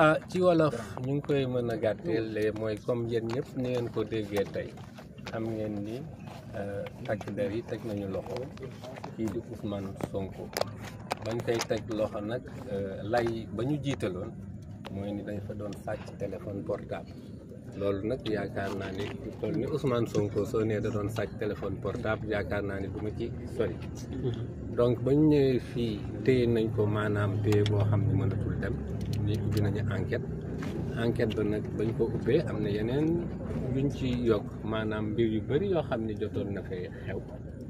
ah ci wolof ñu ngi koy mën a gàtteel mooy comme yéen ñëpp ni ngeen ko déggee tey xam ngeen ni ah, takk der yi teg nañu loxo kii di Ousmane Sonko bañ koy teg loxo nag ah, lay ba ñu jiitaloon mooy ni dañ fa doon sàcc téléphone portable loolu nag yaakaar naa ni lu toll ni Ousmane Sonko soo nee da doon sàcc téléphone portable yaakaar naa ni du ma ci sori mhm. donc bañ ñëwee fii téye nañ ko maanaam téye boo xam ne mënatul dem ni ubbi nañu enquête enquête ba nag bañ ko ubbee am na yeneen yuñ ci yokk maanaam mbir yu bëri yoo xam ne jotoon na fay xew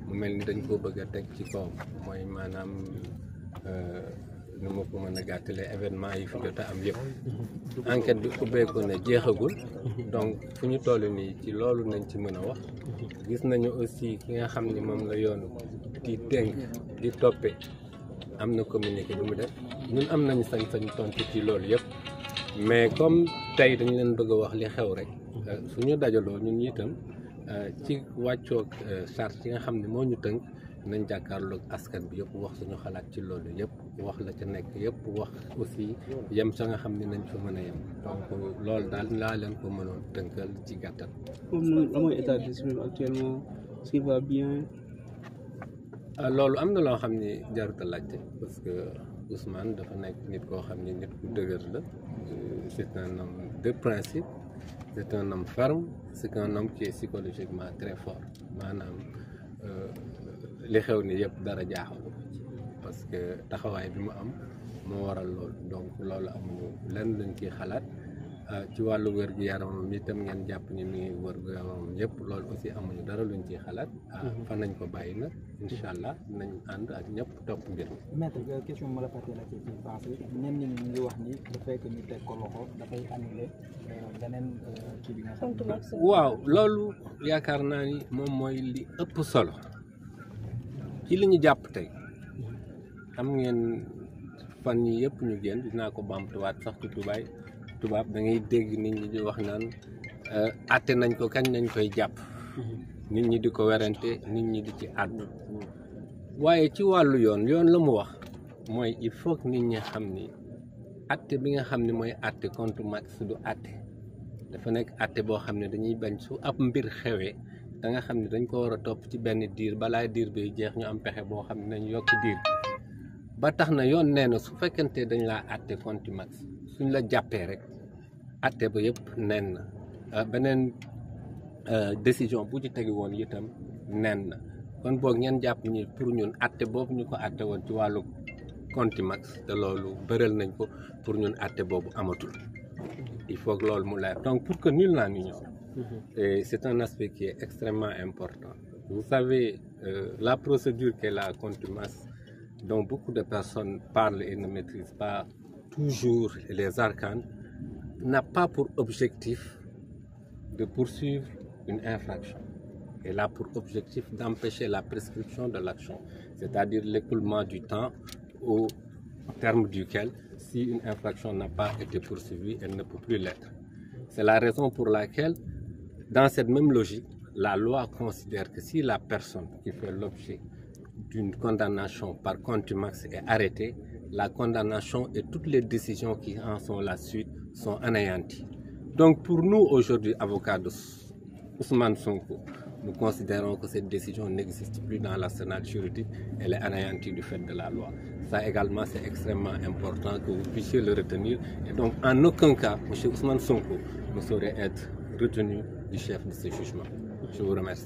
mu mel ni dañ koo bëgg a teg ci kawam mooy maanaam euh, nu ma ko mën a gàttalee événement yi fi jot a am yëpp enquête bi ubbeeku ne jeexagul donc fu ñu toll nii ci loolu nañ ci mën a wax gis nañu aussi ki nga xam ni moom la yoon di dénk di toppee am na communiqué bi mu def ñun am nañu sañ-sañ tontu ci loolu yëpp mais comme tey dañu leen bëgg a wax li xew rek euh, suñu dajaloo ñun itam euh, ci wàccoog euh, charte yi nga xam ne moo ñu tënk nañ jàkkaarloog askan bi yëpp wax suñu xalaat ci loolu yëpp wax la ca nekk yëpp wax aussi yem sa nga xam ne nañ fa mën a yem donc loolu daal laa leen ko mënoon tënkal ci gàttal. comme état d'esprit actuellement ça va ah, loolu am na loo xam ne jarut a parce que Ousmane dafa nekk nit koo xam ne nit ku dëgër la c'est un homme de principe c'est un homme ferme c'est un homme qui psychologiquement très fort maanaam. Euh, li xew ni yëpp dara jaaxal ko parce que taxawaay bi mu am moo waral loolu donc loolu amu lenn lañ ciy xalaat euh, ci wàllu wérgu yaramam itam ngeen jàpp ni mi ngi wérgu yaramam yëpp loolu aussi amuñu dara luñ ciy xalaat. Euh, mhm. fan nañ ko bàyyi nag. incha allah nañ ànd ak ñëpp topp mbir mi. maître euh, wax ni bu fekk ñu teg ko loxo loolu yaakaar naa ni moom mooy li ëpp solo. ci li ñu jàpp tey am ngeen fan yi yëpp ñu génn dinaa ko bamtuwaat sax ci tubaay tubaab da ngay dégg nit ñi di wax naan àtte euh, nañ ko kañ nañ koy jàpp nit ñi di ko werante nit ñi di ci àddu waaye ci wàllu yoon yoon la mu wax mooy il faut que nit ñi xam ni àtte bi nga xam ni mooy àtte contre Macky du àtte dafa nekk ate boo xam ne dañuy bañ su ab mbir xewee da nga xam ne dañ ko war a topp ci benn diir balaa diir bi jeex ñu am pexe boo xam ne nañ yokk diir ba tax na yoon nee na su fekkente dañ laa àtte contumax suñ la jàppee rek àtte ba yëpp nen na euh, beneen euh, décision bu ci tegi woon itam neen na kon boog ngeen jàpp ñi pour ñun àtte boobu ñu ko àtte woon ci wàllu contumax te loolu bëral nañ ko pour ñun àtte boobu amatul il faut loolu mu leer donc pour que nul n'en ignore Mm-hmm. Et c'est un aspect qui est extrêmement important. Vous savez, euh, la procédure qu'est la contumace, dont beaucoup de personnes parlent et ne maîtrisent pas toujours les arcanes, n'a pas pour objectif de poursuivre une infraction. Elle a pour objectif d'empêcher la prescription de l'action, c'est-à-dire l'écoulement du temps au terme duquel, si une infraction n'a pas été poursuivie, elle ne peut plus l'être. C'est la raison pour laquelle Dans cette même logique, la loi considère que si la personne qui fait l'objet d'une condamnation par contumax est arrêtée, la condamnation et toutes les décisions qui en sont la suite sont anéanties. Donc pour nous aujourd'hui, avocats de Ousmane Sonko, nous considérons que cette décision n'existe plus dans l'arsenal juridique, elle est anéantie du fait de la loi. Ça également, c'est extrêmement important que vous puissiez le retenir. Et donc, en aucun cas, M. Ousmane Sonko retenue du chef de ce jugement. Je vous remercie.